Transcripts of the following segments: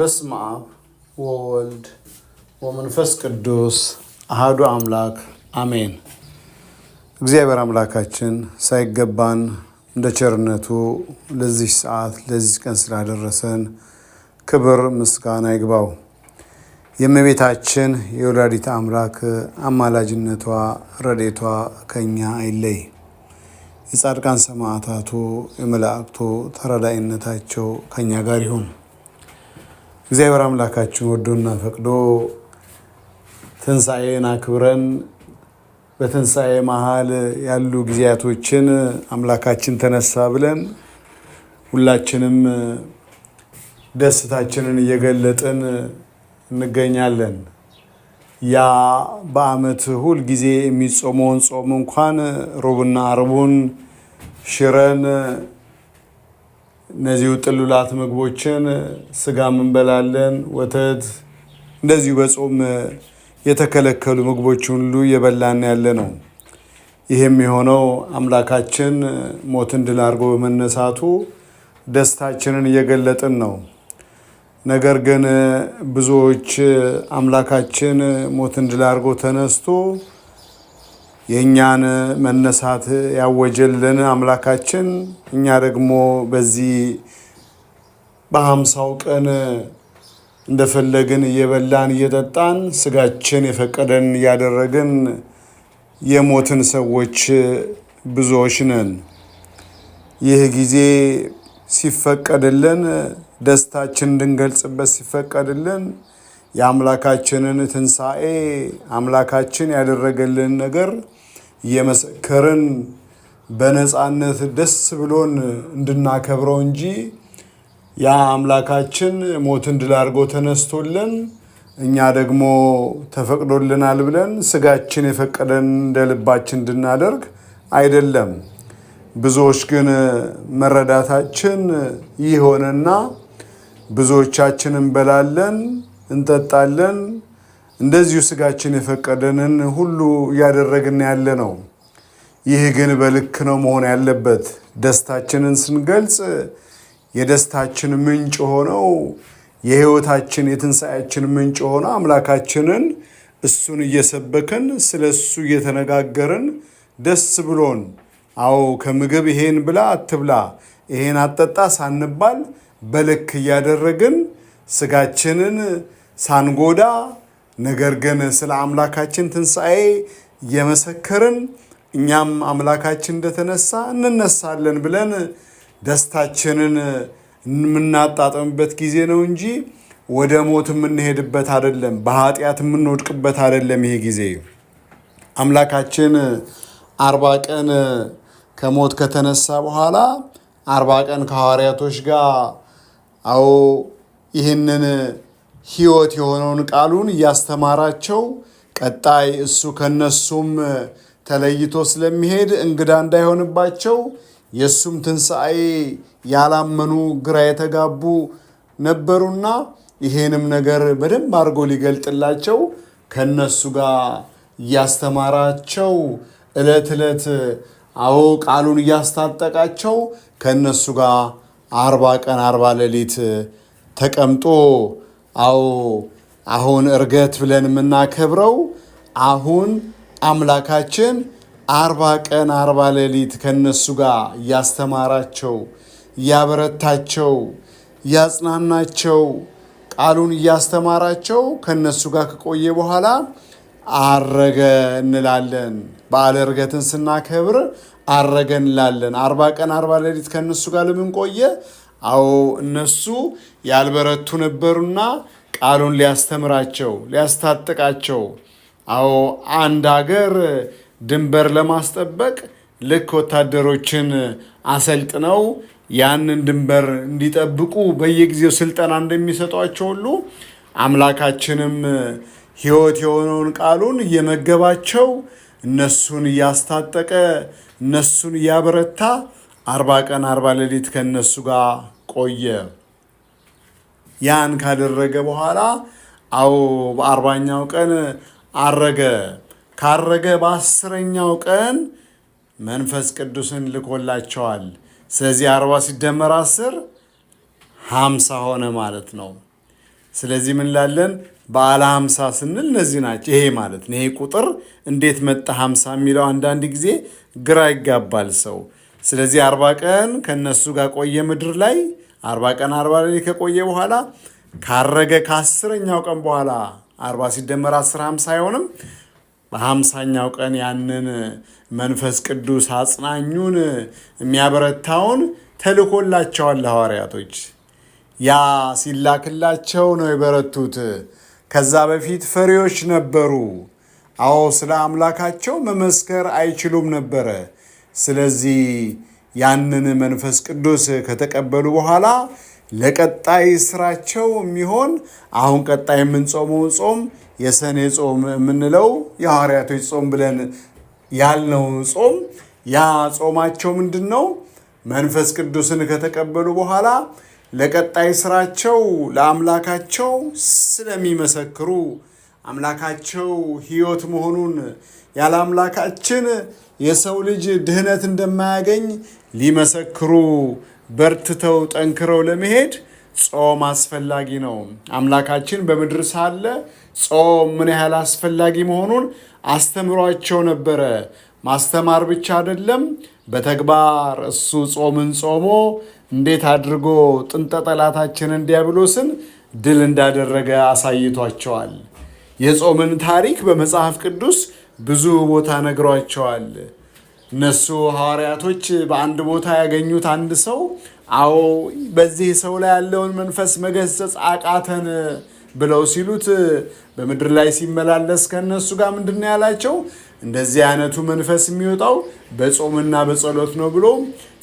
በስመ አብ ወወልድ ወመንፈስ ቅዱስ አህዱ አምላክ አሜን። እግዚአብሔር አምላካችን ሳይገባን እንደ ቸርነቱ ለዚህ ሰዓት ለዚህ ቀን ስላደረሰን ክብር ምስጋና ይግባው። የእመቤታችን የወላዲት አምላክ አማላጅነቷ ረዴቷ ከኛ አይለይ። የጻድቃን ሰማዕታቱ የመላእክቱ ተረዳይነታቸው ከኛ ጋር ይሁን። እግዚአብሔር አምላካችን ወዶና ፈቅዶ ትንሣኤን አክብረን በትንሣኤ መሃል ያሉ ጊዜያቶችን አምላካችን ተነሳ ብለን ሁላችንም ደስታችንን እየገለጥን እንገኛለን። ያ በዓመት ሁል ጊዜ የሚጾመውን ጾም እንኳን ሮብና አርቡን ሽረን እነዚሁ ጥሉላት ምግቦችን ስጋም እንበላለን፣ ወተት እንደዚሁ በጾም የተከለከሉ ምግቦች ሁሉ እየበላን ያለ ነው። ይህም የሆነው አምላካችን ሞትን ድል አድርጎ በመነሳቱ ደስታችንን እየገለጥን ነው። ነገር ግን ብዙዎች አምላካችን ሞትን ድል አድርጎ ተነስቶ የእኛን መነሳት ያወጀልን አምላካችን እኛ ደግሞ በዚህ በሀምሳው ቀን እንደፈለግን እየበላን እየጠጣን ስጋችን የፈቀደን እያደረግን የሞትን ሰዎች ብዙዎች ነን። ይህ ጊዜ ሲፈቀድልን ደስታችን እንድንገልጽበት ሲፈቀድልን የአምላካችንን ትንሣኤ አምላካችን ያደረገልን ነገር እየመሰከርን በነፃነት ደስ ብሎን እንድናከብረው እንጂ ያ አምላካችን ሞትን ድል አድርጎ ተነስቶልን እኛ ደግሞ ተፈቅዶልናል ብለን ስጋችን የፈቀደን እንደ ልባችን እንድናደርግ አይደለም። ብዙዎች ግን መረዳታችን ይህ ሆነና ብዙዎቻችን እንበላለን፣ እንጠጣለን እንደዚሁ ስጋችን የፈቀደንን ሁሉ እያደረግን ያለ ነው። ይህ ግን በልክ ነው መሆን ያለበት። ደስታችንን ስንገልጽ የደስታችን ምንጭ ሆነው የህይወታችን የትንሣኤያችን ምንጭ ሆነ አምላካችንን እሱን እየሰበክን ስለ እሱ እየተነጋገርን ደስ ብሎን አዎ ከምግብ ይሄን ብላ አትብላ፣ ይሄን አጠጣ ሳንባል በልክ እያደረግን ስጋችንን ሳንጎዳ ነገር ግን ስለ አምላካችን ትንሣኤ እየመሰከርን እኛም አምላካችን እንደተነሳ እንነሳለን ብለን ደስታችንን የምናጣጥምበት ጊዜ ነው እንጂ ወደ ሞት የምንሄድበት አይደለም። በኃጢአት የምንወድቅበት አይደለም። ይሄ ጊዜ አምላካችን አርባ ቀን ከሞት ከተነሳ በኋላ አርባ ቀን ከሐዋርያቶች ጋር አዎ ይህንን ሕይወት የሆነውን ቃሉን እያስተማራቸው ቀጣይ እሱ ከነሱም ተለይቶ ስለሚሄድ እንግዳ እንዳይሆንባቸው የእሱም ትንሣኤ ያላመኑ ግራ የተጋቡ ነበሩና ይሄንም ነገር በደንብ አድርጎ ሊገልጥላቸው ከነሱ ጋር እያስተማራቸው ዕለት ዕለት አዎ ቃሉን እያስታጠቃቸው ከእነሱ ጋር አርባ ቀን አርባ ሌሊት ተቀምጦ አዎ አሁን እርገት ብለን የምናከብረው አሁን አምላካችን አርባ ቀን አርባ ሌሊት ከነሱ ጋር እያስተማራቸው እያበረታቸው እያጽናናቸው ቃሉን እያስተማራቸው ከነሱ ጋር ከቆየ በኋላ አረገ እንላለን። በዓለ እርገትን ስናከብር አረገ እንላለን። አርባ ቀን አርባ ሌሊት ከነሱ ጋር ለምን ቆየ? አዎ እነሱ ያልበረቱ ነበሩና ቃሉን ሊያስተምራቸው ሊያስታጥቃቸው። አዎ አንድ ሀገር ድንበር ለማስጠበቅ ልክ ወታደሮችን አሰልጥነው ያንን ድንበር እንዲጠብቁ በየጊዜው ስልጠና እንደሚሰጧቸው ሁሉ አምላካችንም ሕይወት የሆነውን ቃሉን እየመገባቸው እነሱን እያስታጠቀ እነሱን እያበረታ አርባ ቀን አርባ ሌሊት ከነሱ ጋር ቆየ። ያን ካደረገ በኋላ አዎ በአርባኛው ቀን አረገ። ካረገ በአስረኛው ቀን መንፈስ ቅዱስን ልኮላቸዋል። ስለዚህ አርባ ሲደመር አስር ሀምሳ ሆነ ማለት ነው። ስለዚህ ምን ላለን በዓለ ሀምሳ ስንል እነዚህ ናቸው። ይሄ ማለት ነው። ይሄ ቁጥር እንዴት መጣ ሀምሳ የሚለው አንዳንድ ጊዜ ግራ ይጋባል ሰው ስለዚህ አርባ ቀን ከነሱ ጋር ቆየ ምድር ላይ አርባ ቀን አርባ ሌሊት ከቆየ በኋላ ካረገ ከአስረኛው ቀን በኋላ አርባ ሲደመር አስር ሀምሳ አይሆንም። በሀምሳኛው ቀን ያንን መንፈስ ቅዱስ አጽናኙን የሚያበረታውን ተልኮላቸዋል ለሐዋርያቶች ያ ሲላክላቸው ነው የበረቱት። ከዛ በፊት ፈሪዎች ነበሩ። አዎ ስለ አምላካቸው መመስከር አይችሉም ነበረ። ስለዚህ ያንን መንፈስ ቅዱስ ከተቀበሉ በኋላ ለቀጣይ ስራቸው የሚሆን አሁን ቀጣይ የምንጾመውን ጾም የሰኔ ጾም የምንለው የሐዋርያቶች ጾም ብለን ያልነውን ጾም ያ ጾማቸው ምንድን ነው? መንፈስ ቅዱስን ከተቀበሉ በኋላ ለቀጣይ ስራቸው ለአምላካቸው ስለሚመሰክሩ አምላካቸው ሕይወት መሆኑን ያለ አምላካችን የሰው ልጅ ድህነት እንደማያገኝ ሊመሰክሩ በርትተው ጠንክረው ለመሄድ ጾም አስፈላጊ ነው። አምላካችን በምድር ሳለ ጾም ምን ያህል አስፈላጊ መሆኑን አስተምሯቸው ነበረ። ማስተማር ብቻ አይደለም፣ በተግባር እሱ ጾምን ጾሞ እንዴት አድርጎ ጥንተ ጠላታችንን ዲያብሎስን ድል እንዳደረገ አሳይቷቸዋል። የጾምን ታሪክ በመጽሐፍ ቅዱስ ብዙ ቦታ ነግሯቸዋል። እነሱ ሐዋርያቶች በአንድ ቦታ ያገኙት አንድ ሰው አዎ በዚህ ሰው ላይ ያለውን መንፈስ መገሰጽ አቃተን ብለው ሲሉት በምድር ላይ ሲመላለስ ከእነሱ ጋር ምንድን ነው ያላቸው? እንደዚህ አይነቱ መንፈስ የሚወጣው በጾምና በጸሎት ነው ብሎ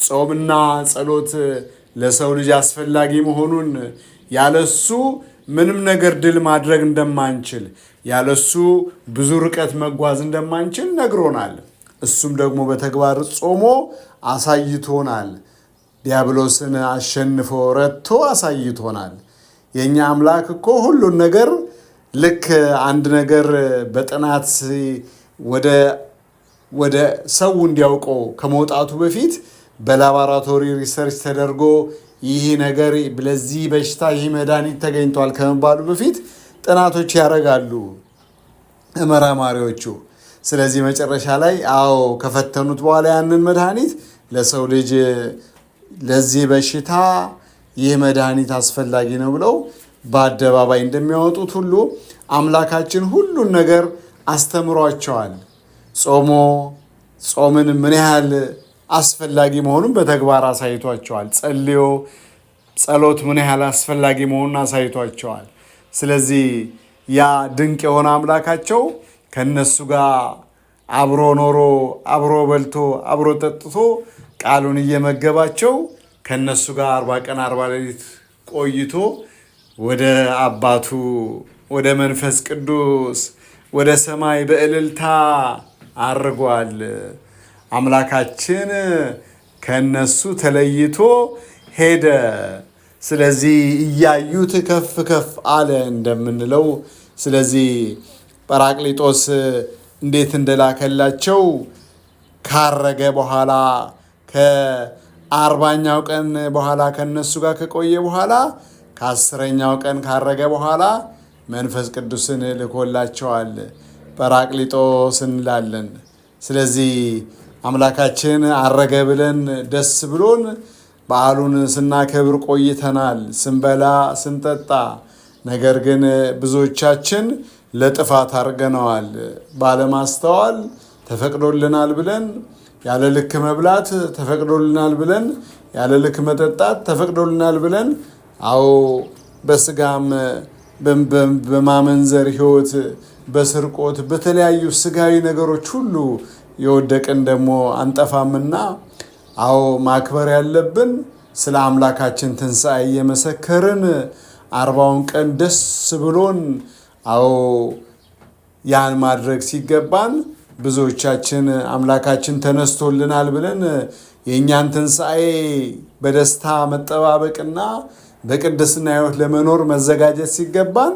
ጾምና ጸሎት ለሰው ልጅ አስፈላጊ መሆኑን ያለሱ ምንም ነገር ድል ማድረግ እንደማንችል ያለሱ ብዙ ርቀት መጓዝ እንደማንችል ነግሮናል። እሱም ደግሞ በተግባር ጾሞ አሳይቶናል። ዲያብሎስን አሸንፎ ረትቶ አሳይቶናል። የእኛ አምላክ እኮ ሁሉን ነገር ልክ አንድ ነገር በጥናት ወደ ሰው እንዲያውቀው ከመውጣቱ በፊት በላቦራቶሪ ሪሰርች ተደርጎ ይህ ነገር ለዚህ በሽታ ይህ መድኃኒት ተገኝቷል ከመባሉ በፊት ጥናቶች ያደርጋሉ መራማሪዎቹ። ስለዚህ መጨረሻ ላይ አዎ ከፈተኑት በኋላ ያንን መድኃኒት ለሰው ልጅ ለዚህ በሽታ ይህ መድኃኒት አስፈላጊ ነው ብለው በአደባባይ እንደሚያወጡት ሁሉ አምላካችን ሁሉን ነገር አስተምሯቸዋል። ጾሞ ጾምን ምን ያህል አስፈላጊ መሆኑን በተግባር አሳይቷቸዋል። ጸልዮ ጸሎት ምን ያህል አስፈላጊ መሆኑን አሳይቷቸዋል። ስለዚህ ያ ድንቅ የሆነ አምላካቸው ከእነሱ ጋር አብሮ ኖሮ አብሮ በልቶ አብሮ ጠጥቶ ቃሉን እየመገባቸው ከእነሱ ጋር አርባ ቀን አርባ ሌሊት ቆይቶ ወደ አባቱ ወደ መንፈስ ቅዱስ ወደ ሰማይ በእልልታ አርጓል። አምላካችን ከነሱ ተለይቶ ሄደ። ስለዚህ እያዩት ከፍ ከፍ አለ እንደምንለው ስለዚህ ጰራቅሊጦስ እንዴት እንደላከላቸው ካረገ በኋላ ከአርባኛው ቀን በኋላ ከነሱ ጋር ከቆየ በኋላ ከአስረኛው ቀን ካረገ በኋላ መንፈስ ቅዱስን ልኮላቸዋል። ጰራቅሊጦስ እንላለን። ስለዚህ አምላካችን አረገ ብለን ደስ ብሎን በዓሉን ስናከብር ቆይተናል፣ ስንበላ ስንጠጣ። ነገር ግን ብዙዎቻችን ለጥፋት አድርገነዋል። ባለማስተዋል ተፈቅዶልናል ብለን ያለ ልክ መብላት ተፈቅዶልናል ብለን ያለ ልክ መጠጣት ተፈቅዶልናል ብለን አዎ በስጋም በማመንዘር ህይወት በስርቆት በተለያዩ ስጋዊ ነገሮች ሁሉ የወደቅን ደግሞ አንጠፋምና፣ አዎ ማክበር ያለብን ስለ አምላካችን ትንሣኤ እየመሰከርን አርባውን ቀን ደስ ብሎን፣ አዎ ያን ማድረግ ሲገባን ብዙዎቻችን አምላካችን ተነስቶልናል ብለን የእኛን ትንሣኤ በደስታ መጠባበቅና በቅድስና ሕይወት ለመኖር መዘጋጀት ሲገባን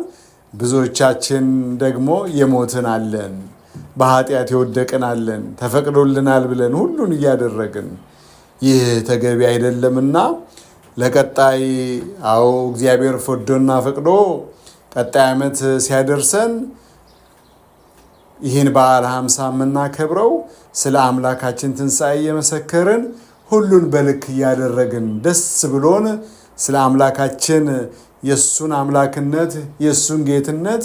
ብዙዎቻችን ደግሞ የሞትን አለን። በኃጢአት የወደቅናለን ተፈቅዶልናል ብለን ሁሉን እያደረግን ይህ ተገቢ አይደለምና ለቀጣይ አዎ እግዚአብሔር ፈዶና ፈቅዶ ቀጣይ ዓመት ሲያደርሰን ይህን በዓል ሀምሳ የምናከብረው ስለ አምላካችን ትንሣኤ እየመሰከርን ሁሉን በልክ እያደረግን ደስ ብሎን ስለ አምላካችን የእሱን አምላክነት የእሱን ጌትነት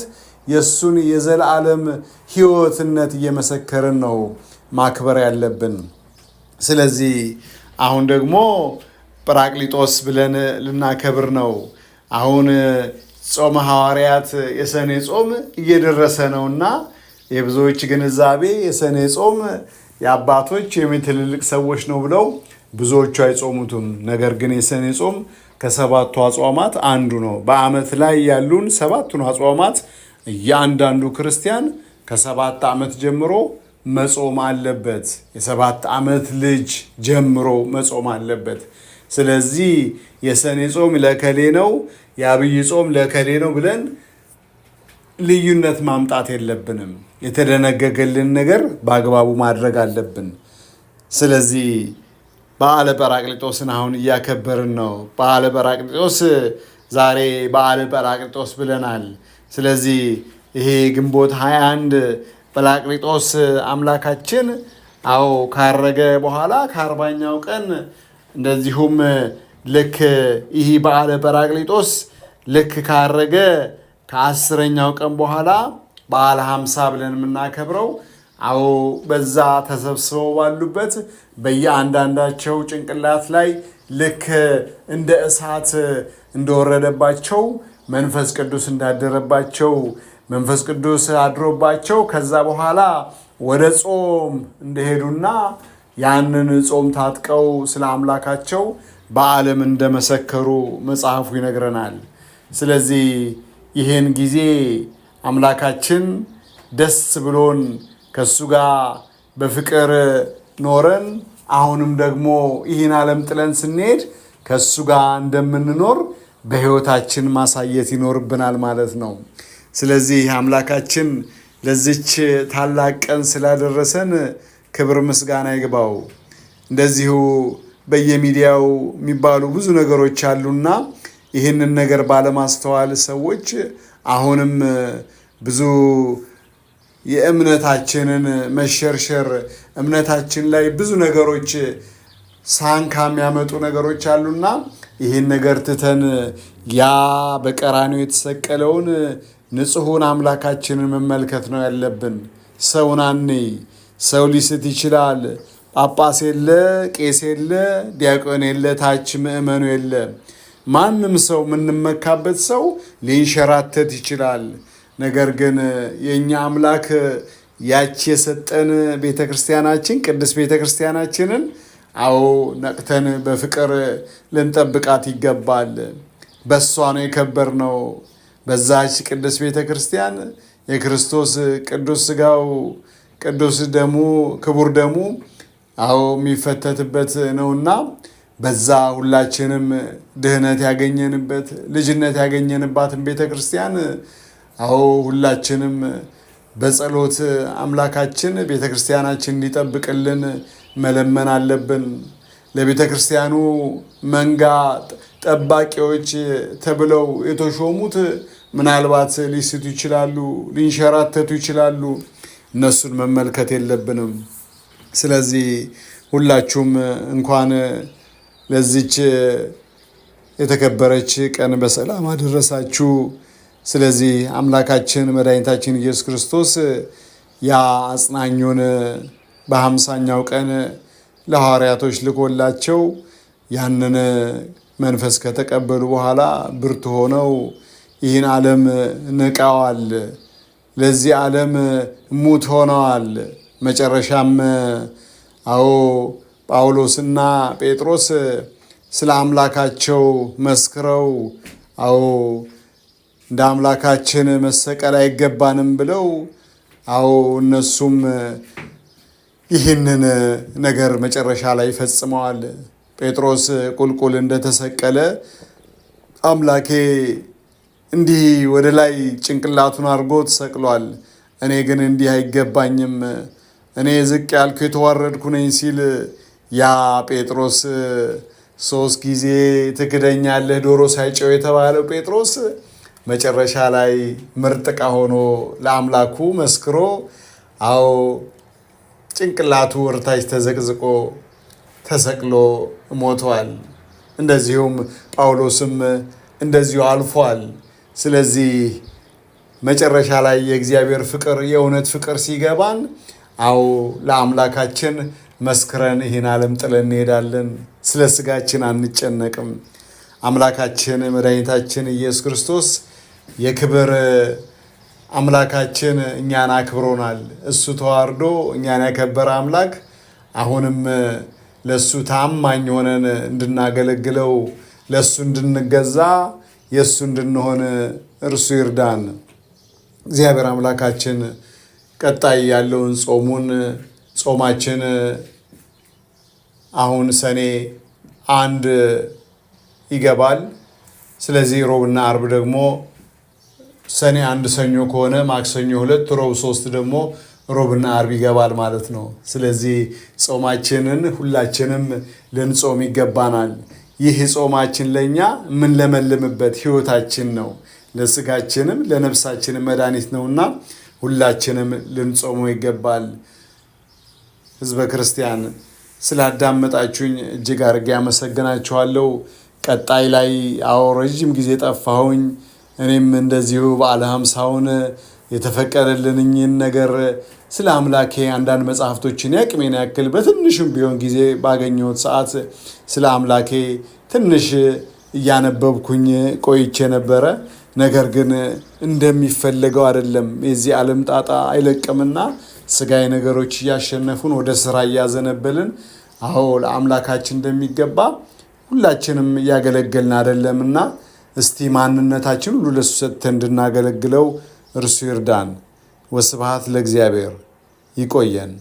የእሱን የዘላለም ህይወትነት እየመሰከርን ነው ማክበር ያለብን። ስለዚህ አሁን ደግሞ ጵራቅሊጦስ ብለን ልናከብር ነው። አሁን ጾመ ሐዋርያት የሰኔ ጾም እየደረሰ ነውና የብዙዎች ግንዛቤ የሰኔ ጾም የአባቶች ወይም የትልልቅ ሰዎች ነው ብለው ብዙዎቹ አይጾሙትም። ነገር ግን የሰኔ ጾም ከሰባቱ አጽዋማት አንዱ ነው። በዓመት ላይ ያሉን ሰባቱን አጽዋማት እያንዳንዱ ክርስቲያን ከሰባት ዓመት ጀምሮ መጾም አለበት። የሰባት ዓመት ልጅ ጀምሮ መጾም አለበት። ስለዚህ የሰኔ ጾም ለከሌ ነው፣ የአብይ ጾም ለከሌ ነው ብለን ልዩነት ማምጣት የለብንም። የተደነገገልን ነገር በአግባቡ ማድረግ አለብን። ስለዚህ በዓለ ጰራቅሊጦስን አሁን እያከበርን ነው። በዓለ ጰራቅሊጦስ ዛሬ በዓለ ጰራቅሊጦስ ብለናል። ስለዚህ ይሄ ግንቦት 21 ጵላቅሊጦስ አምላካችን አዎ ካረገ በኋላ ከአርባኛው ቀን እንደዚሁም ልክ ይህ በዓለ ጰራቅሊጦስ ልክ ካረገ ከአስረኛው ቀን በኋላ በዓለ ሀምሳ ብለን የምናከብረው አዎ በዛ ተሰብስበው ባሉበት በየአንዳንዳቸው ጭንቅላት ላይ ልክ እንደ እሳት እንደወረደባቸው መንፈስ ቅዱስ እንዳደረባቸው መንፈስ ቅዱስ አድሮባቸው ከዛ በኋላ ወደ ጾም እንደሄዱና ያንን ጾም ታጥቀው ስለ አምላካቸው በዓለም እንደመሰከሩ መጽሐፉ ይነግረናል። ስለዚህ ይህን ጊዜ አምላካችን ደስ ብሎን ከእሱ ጋር በፍቅር ኖረን አሁንም ደግሞ ይህን ዓለም ጥለን ስንሄድ ከእሱ ጋር እንደምንኖር በህይወታችን ማሳየት ይኖርብናል ማለት ነው። ስለዚህ አምላካችን ለዚች ታላቅ ቀን ስላደረሰን ክብር ምስጋና ይግባው። እንደዚሁ በየሚዲያው የሚባሉ ብዙ ነገሮች አሉና ይህንን ነገር ባለማስተዋል ሰዎች አሁንም ብዙ የእምነታችንን መሸርሸር እምነታችን ላይ ብዙ ነገሮች ሳንካ የሚያመጡ ነገሮች አሉና ይህን ነገር ትተን ያ በቀራኒው የተሰቀለውን ንጹሑን አምላካችንን መመልከት ነው ያለብን። ሰውን አንይ። ሰው ሊስት ይችላል። ጳጳስ የለ፣ ቄስ የለ፣ ዲያቆን የለ፣ ታች ምእመኑ የለ። ማንም ሰው የምንመካበት ሰው ሊንሸራተት ይችላል። ነገር ግን የእኛ አምላክ ያች የሰጠን ቤተ ክርስቲያናችን ቅድስት ቤተ ክርስቲያናችንን አዎ ነቅተን በፍቅር ልንጠብቃት ይገባል። በእሷ ነው የከበር ነው። በዛች ቅድስት ቤተ ክርስቲያን የክርስቶስ ቅዱስ ስጋው ቅዱስ ደሙ ክቡር ደሙ አዎ የሚፈተትበት ነውና በዛ ሁላችንም ድህነት ያገኘንበት ልጅነት ያገኘንባትን ቤተ ክርስቲያን አዎ ሁላችንም በጸሎት አምላካችን ቤተ ክርስቲያናችን እንዲጠብቅልን መለመን አለብን። ለቤተ ክርስቲያኑ መንጋ ጠባቂዎች ተብለው የተሾሙት ምናልባት ሊስቱ ይችላሉ፣ ሊንሸራተቱ ይችላሉ። እነሱን መመልከት የለብንም። ስለዚህ ሁላችሁም እንኳን ለዚች የተከበረች ቀን በሰላም አደረሳችሁ። ስለዚህ አምላካችን መድኃኒታችን ኢየሱስ ክርስቶስ ያ አጽናኙን በሀምሳኛው ቀን ለሐዋርያቶች ልኮላቸው ያንን መንፈስ ከተቀበሉ በኋላ ብርቱ ሆነው ይህን ዓለም ንቀዋል። ለዚህ ዓለም ሙት ሆነዋል። መጨረሻም አዎ ጳውሎስና ጴጥሮስ ስለ አምላካቸው መስክረው አዎ እንደ አምላካችን መሰቀል አይገባንም ብለው አዎ እነሱም ይህንን ነገር መጨረሻ ላይ ፈጽመዋል። ጴጥሮስ ቁልቁል እንደተሰቀለ አምላኬ እንዲህ ወደ ላይ ጭንቅላቱን አድርጎ ተሰቅሏል፣ እኔ ግን እንዲህ አይገባኝም፣ እኔ ዝቅ ያልኩ የተዋረድኩ ነኝ ሲል ያ ጴጥሮስ ሶስት ጊዜ ትክደኛለህ ዶሮ ሳይጨው የተባለው ጴጥሮስ መጨረሻ ላይ ምርጥ ዕቃ ሆኖ ለአምላኩ መስክሮ አዎ ጭንቅላቱ እርታች ተዘቅዝቆ ተሰቅሎ ሞቷል። እንደዚሁም ጳውሎስም እንደዚሁ አልፏል። ስለዚህ መጨረሻ ላይ የእግዚአብሔር ፍቅር የእውነት ፍቅር ሲገባን፣ አዎ ለአምላካችን መስክረን ይህን ዓለም ጥለን እንሄዳለን። ስለ ስጋችን አንጨነቅም። አምላካችን መድኃኒታችን ኢየሱስ ክርስቶስ የክብር አምላካችን እኛን አክብሮናል። እሱ ተዋርዶ እኛን ያከበረ አምላክ አሁንም ለእሱ ታማኝ ሆነን እንድናገለግለው ለእሱ እንድንገዛ የእሱ እንድንሆን እርሱ ይርዳን። እግዚአብሔር አምላካችን ቀጣይ ያለውን ጾሙን ጾማችን አሁን ሰኔ አንድ ይገባል። ስለዚህ ሮብና አርብ ደግሞ ሰኔ አንድ ሰኞ ከሆነ ማክሰኞ ሁለት፣ ሮብ ሶስት ደግሞ ሮብና አርብ ይገባል ማለት ነው። ስለዚህ ጾማችንን ሁላችንም ልንጾም ይገባናል። ይህ ጾማችን ለእኛ የምንለመልምበት ህይወታችን ነው። ለስጋችንም ለነፍሳችንም መድኃኒት ነውና ሁላችንም ልንጾሙ ይገባል። ህዝበ ክርስቲያን ስላዳመጣችሁኝ እጅግ አድርጌ አመሰግናችኋለሁ። ቀጣይ ላይ አዎ ረዥም ጊዜ ጠፋሁኝ። እኔም እንደዚሁ በዓለ ሀምሳውን የተፈቀደልንኝን ነገር ስለ አምላኬ አንዳንድ መጽሐፍቶችን ያቅሜን ያክል በትንሹም ቢሆን ጊዜ ባገኘሁት ሰዓት ስለ አምላኬ ትንሽ እያነበብኩኝ ቆይቼ ነበረ። ነገር ግን እንደሚፈለገው አይደለም። የዚህ ዓለም ጣጣ አይለቅምና ስጋዊ ነገሮች እያሸነፉን ወደ ስራ እያዘነበልን፣ አሁ ለአምላካችን እንደሚገባ ሁላችንም እያገለገልን አይደለምና እስቲ ማንነታችን ሁሉ ለሱ ሰጥተን እንድናገለግለው እርሱ ይርዳን። ወስብሐት ለእግዚአብሔር። ይቆየን።